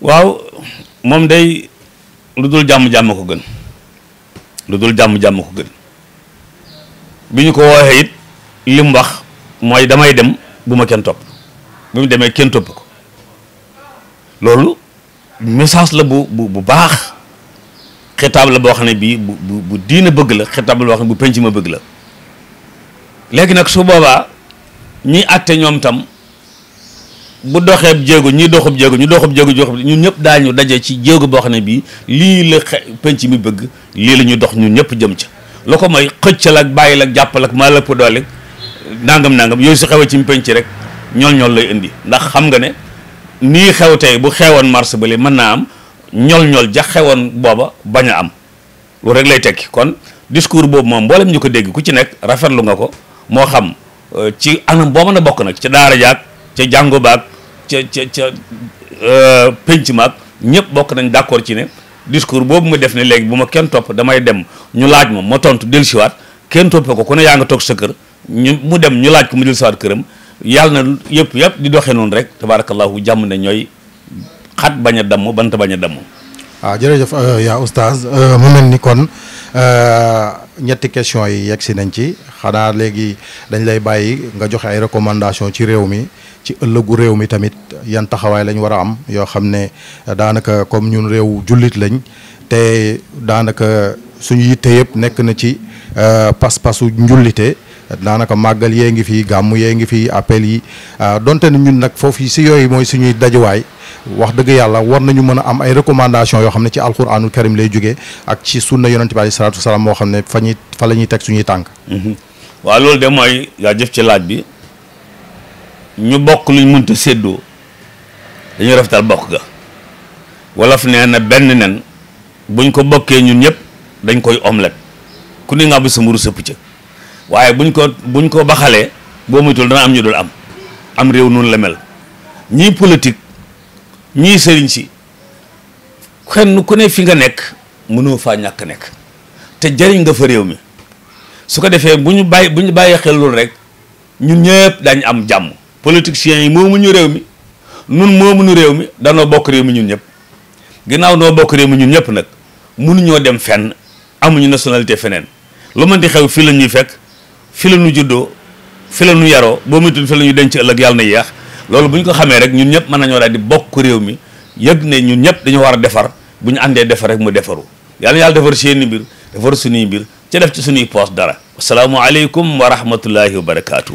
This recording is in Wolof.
waaw moom day lu dul jàmm-jàmm ko gën lu dul jàmm-jàmm ko gën bi ñu ko woowee it li wax mooy damay dem bu ma kenn topp bi mu demee kenn topp ko loolu message la bu bu bu baax xitaab la boo xam ne bii bu bu diina bëgg la xitaab la boo xam ne bu penc ma bëgg la léegi nag su boobaa ñiy àtte ñoom tam bu doxeeb jéego ñi doxub jéego ñu doxub jéego joo xam ne ñun ñëpp daañu daje ci jéego boo xam ne bii lii la penc mi bëgg lii la ñu dox ñu ñëpp jëm ca la ko mooy xëccal ak bàyyi ak jàppal ak maa lëpp doole nangam nangam yooyu su xewee ci penc rek ñool ñool lay indi ndax xam nga ne nii xew tey bu xewoon mars ba mën naa am ñool ñool ja booba bañ a am rek lay tekki kon discours boobu moom mboolem ñu ko dégg ku ci nekk rafetlu nga ko moo xam euh, ci anam boo mën a bokk nag ca daara jaag ca jàngu baag ca ca ca euh, penc maag ñëpp bokk nañ d'accord ci ne discours boobu ma def ne léegi bu ma kenn topp damay dem ñu laaj ma ma tontu siwaat kenn toppee ko ku ne yaa nga toog sa kër ñu mu dem ñu laaj ko mu dellusiwaat këram yàlla na yëpp yëpp di doxee noonu rek tabaarakallaahu jàmm ne ñooy xat baña a damm bant bañ a damm. waaw ah, jërëjëf euh, yaa oustaz euh, mu mel ni kon. ñetti question yi yegg si nañ ci xanaa léegi dañ lay bàyyi nga joxe ay recommandation ci réew mi ci ëllëgu réew mi tamit yan taxawaay lañ war a am yoo xam ne daanaka comme ñun réew jullit lañ te daanaka suñu yitte yëpp nekk na ci euh, pas-pasu njullite daanaka màggal yee ngi fi gàmm yee ngi fi appel yi euh, donte ne ñun nag foofu si yooyu mooy suñuy dajuwaay wax dëgg yàlla war nañu mën a am ay recommandation yoo xam ne ci alxuraanul karim lay jóge ak ci sunna yonent bi aleyhi salaatu wa moo xam ne fa ñuy fa la teg suñuy tànk. Mhm. waaw loolu de mooy yaa jëf ci laaj bi ñu bokk luñ mënta séddoo dañuy rafetal bokk ga wolof nee na benn nen buñ ko bokkee ñun ñëpp dañ koy omelette ku ne nga bu sa sëpp ca waaye buñ ko buñ ko baxalee boo moytul dana am ñu dul am am réew noonu la mel ñii politique. ñi sëriñ ci kenn ku ne fi nga nek mënu fa ñak nek te jëriñ nga fa réew mi su ko defee bu xel rek ñun ñëpp dañ am jamm politiciens yi momu ñu réew mi nun momu ñu réew mi no bok réew mi ñun ñëpp ginaaw no bok réew mi ñun ñëpp mënu ñoo dem fenn ñu nationalité fenen lu mën di xew fi lañuy fekk fi lañu juddoo fi lañu yaroo boo fi lañu denc ëllëg yàlla na yeex loolu bu ñu ko xamee rek ñun ñëpp mën nañoo daal di bokk réew mi yëg ne ñun ñëpp dañu war a defar bu ñu àndee defar rek mu defaru yàlla yàlla defar seeni mbir defar suñuy mbir ca def ci suñuy poos dara asalaamualeykum wa rahmatullahi wa barakaatu.